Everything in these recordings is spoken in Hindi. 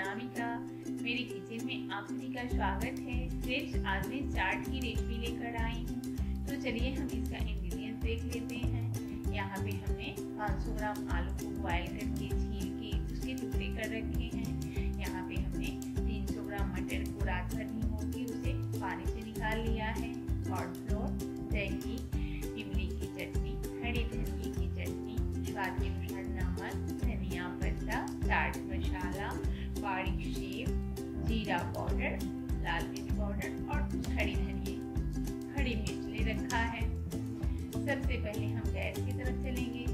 अनामिका मेरे किचन में आप सभी का स्वागत है फ्रेश आज मैं चाट की रेसिपी लेकर आई हूँ तो चलिए हम इसका इंग्रेडिएंट देख लेते हैं यहाँ पे हमने 500 ग्राम आलू को बॉयल करके छील के उसके टुकड़े कर रखे हैं जीरा पाउडर लाल मिर्च पाउडर और कुछ खड़ी धनिए खड़ी मिर्च ले रखा है सबसे पहले हम गैस की तरफ चलेंगे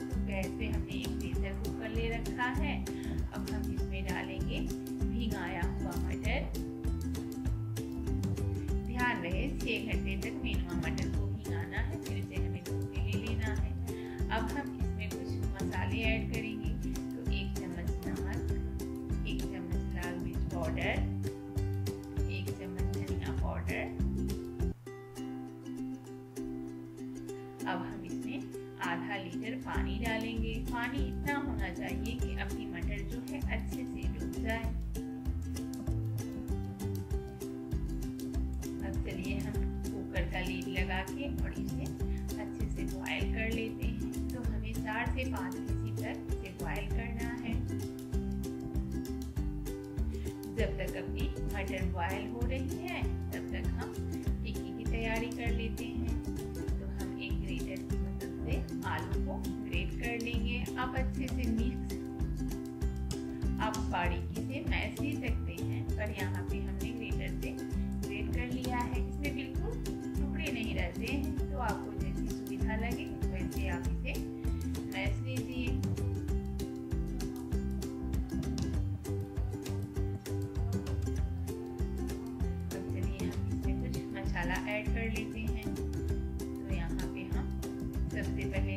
तो गैस पे हमने एक प्रेशर कुकर ले रखा है अब हम इसमें डालेंगे भिगाया हुआ मटर ध्यान रहे छः घंटे तक मिनिमम फिर पानी डालेंगे पानी इतना होना चाहिए कि अपनी मटर जो है अच्छे से डूब जाए अब चलिए हम कुकर का लीड लगा के और इसे अच्छे से बॉयल कर लेते हैं तो हमें चार से पाँच किसी तक इसे बॉयल करना है जब तक अपनी मटर बॉयल हो रही है तब तक हम टिक्की की तैयारी कर लेते हैं आप अच्छे से मिक्स आप बारीकी से मैश ले सकते हैं पर यहाँ पे हमने ग्रेटर से ग्रेट कर लिया है इसमें बिल्कुल टुकड़े नहीं रहते हैं तो आपको जैसी सुविधा लगे वैसे आप इसे मैश लीजिए ऐड कर लेते हैं तो यहाँ पे हम सबसे पहले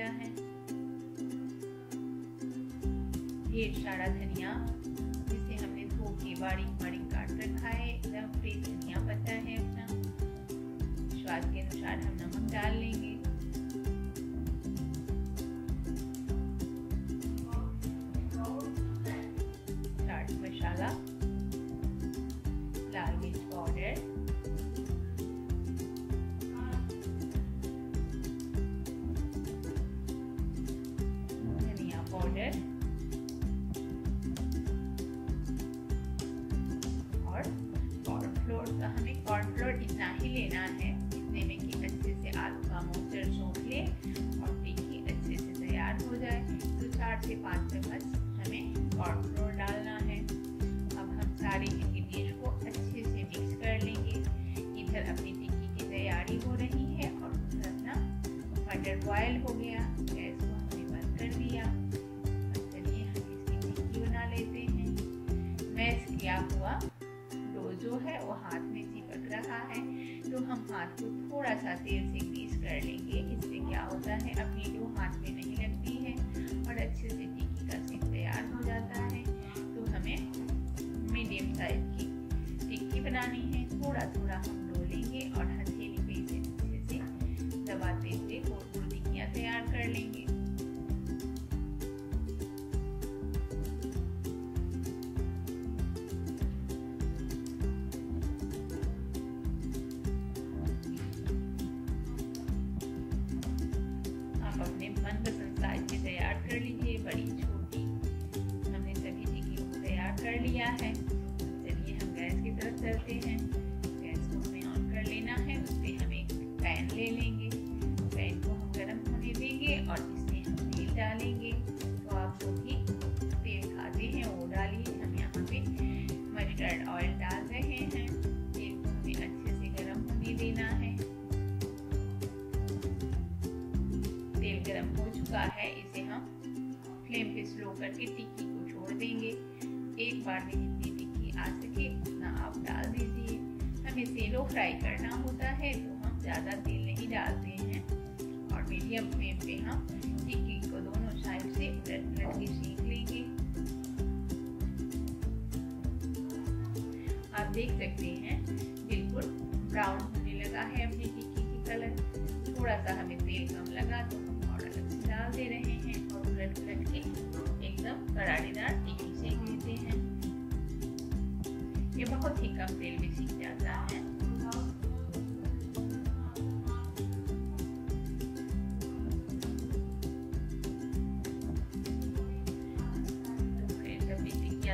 धनिया है ढेर सारा धनिया जिसे हमने धो के बारीक बारीक काट रखा है एकदम फ्रेश धनिया पत्ता है अपना स्वाद के अनुसार हम नमक डाल लेंगे है तो चार से पाँच चम्मच हमें कॉर्नफ्लोर डालना है अब हम सारे इंग्रीडियंट को अच्छे से मिक्स कर लेंगे इधर अपनी टिक्की की तैयारी हो रही है और उधर अपना मटर बॉयल हो गया गैस को हमने बंद कर दिया चलिए हम इसकी टिक्की बना लेते हैं मैश किया हुआ डो जो है वो हाथ में चिपक रहा है जो हम हाथ को थोड़ा सा तेल से ग्रीस कर लेंगे इससे क्या होता है अब वीडियो हाथ में नहीं लगती है और अच्छे से टिक्की का सेक तैयार हो जाता है तो हमें मीडियम साइज की टिक्की बनानी है थोड़ा थोड़ा हम लेंगे और हथेली पे इसे अच्छे से दबाते हुए गोल गोल टिक्कियाँ तैयार कर लेंगे मनपसंद साइज भी तैयार कर लीजिए बड़ी छोटी हमने सभी टिक्कियों को तैयार कर लिया है चलिए हम गैस की तरफ चलते हैं गैस को हमें ऑन कर लेना है उस पर हम एक पैन ले लेंगे अनुसार है इसे हम फ्लेम पे स्लो करके टिक्की को छोड़ देंगे एक बार में जितनी टिक्की आ सके उतना आप डाल दीजिए हमें सेलो फ्राई करना होता है तो हम ज़्यादा तेल नहीं डालते हैं और मीडियम फ्लेम पे हम टिक्की को दोनों साइड से उलट उलट के सीख लेंगे आप देख सकते हैं बिल्कुल ब्राउन होने लगा है अपनी टिक्की की कलर थोड़ा सा हमें सब करारीदार टिक्की सेक लेते हैं ये बहुत ही कम तेल में सीख जाता है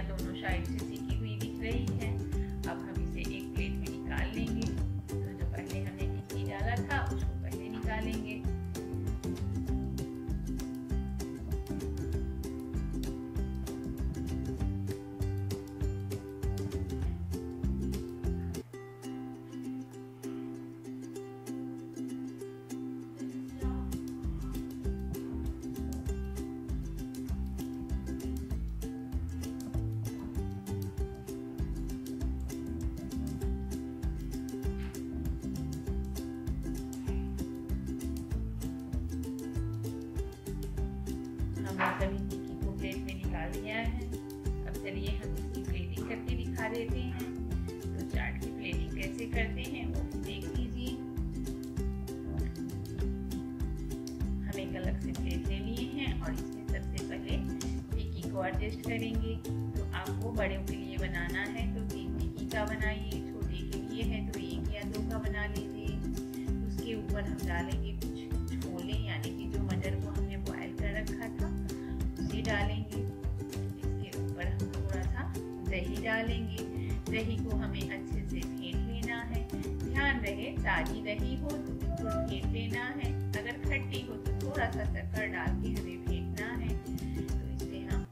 दोनों साइड से सीखी हुई दिख रही है अब हम इसे एक प्लेट में निकाल लेंगे तो डाला था उसको पहले निकालेंगे हमने सभी टिक्की को प्लेट में निकाल दिया है अब चलिए हम इसकी प्लेटिंग करके दिखा देते हैं तो चाट की प्लेटिंग कैसे करते हैं वो भी देख लीजिए हम एक अलग से प्लेट ले लिए हैं और इसमें सबसे पहले टिक्की को एडजस्ट करेंगे तो आपको बड़े के लिए बनाना है तो तीन टिक्की का बनाइए छोटे के लिए है तो एक या दो का बना लीजिए उसके ऊपर हम डालेंगे डालेंगे इसके ऊपर हम थोड़ा सा दही डालेंगे दही को हमें अच्छे से फेंट लेना है ध्यान रहे ताजी दही हो तो बिल्कुल फेंट लेना है अगर खट्टी हो तो थोड़ा सा शक्कर डाल के हमें फेंटना है तो इसमें हम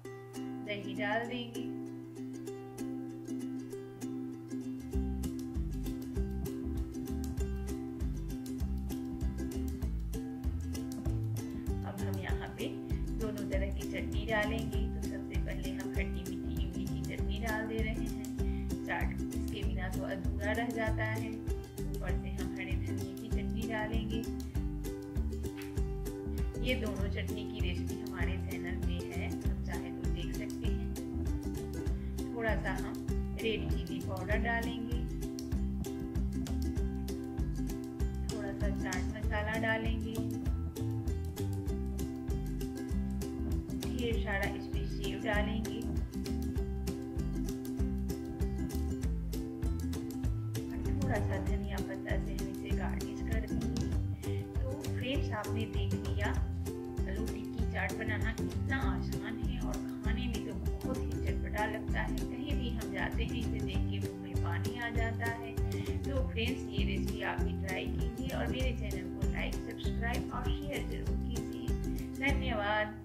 दही डाल देंगे डालेंगे तो सबसे पहले हम खट्टी मीठी इमली की चटनी डाल दे रहे हैं चाट इसके बिना तो अधूरा रह जाता है ऊपर से हम हरे धनिए की चटनी डालेंगे ये दोनों चटनी की रेसिपी हमारे चैनल में है हम चाहे तो देख सकते हैं थोड़ा सा हम रेड चिली पाउडर डालेंगे थोड़ा सा चाट मसाला डालेंगे फिर सारा इसमें सेव डालेंगे थोड़ा सा धनिया पत्ता से हम इसे गार्निश कर देंगे तो फ्रेंड्स आपने देख लिया रोटी की चाट बनाना कितना आसान है और खाने में तो बहुत ही चटपटा लगता है कहीं भी हम जाते हैं इसे देख के मुँह में पानी आ जाता है तो फ्रेंड्स ये रेसिपी आप भी ट्राई कीजिए और मेरे चैनल को लाइक सब्सक्राइब और शेयर जरूर कीजिए धन्यवाद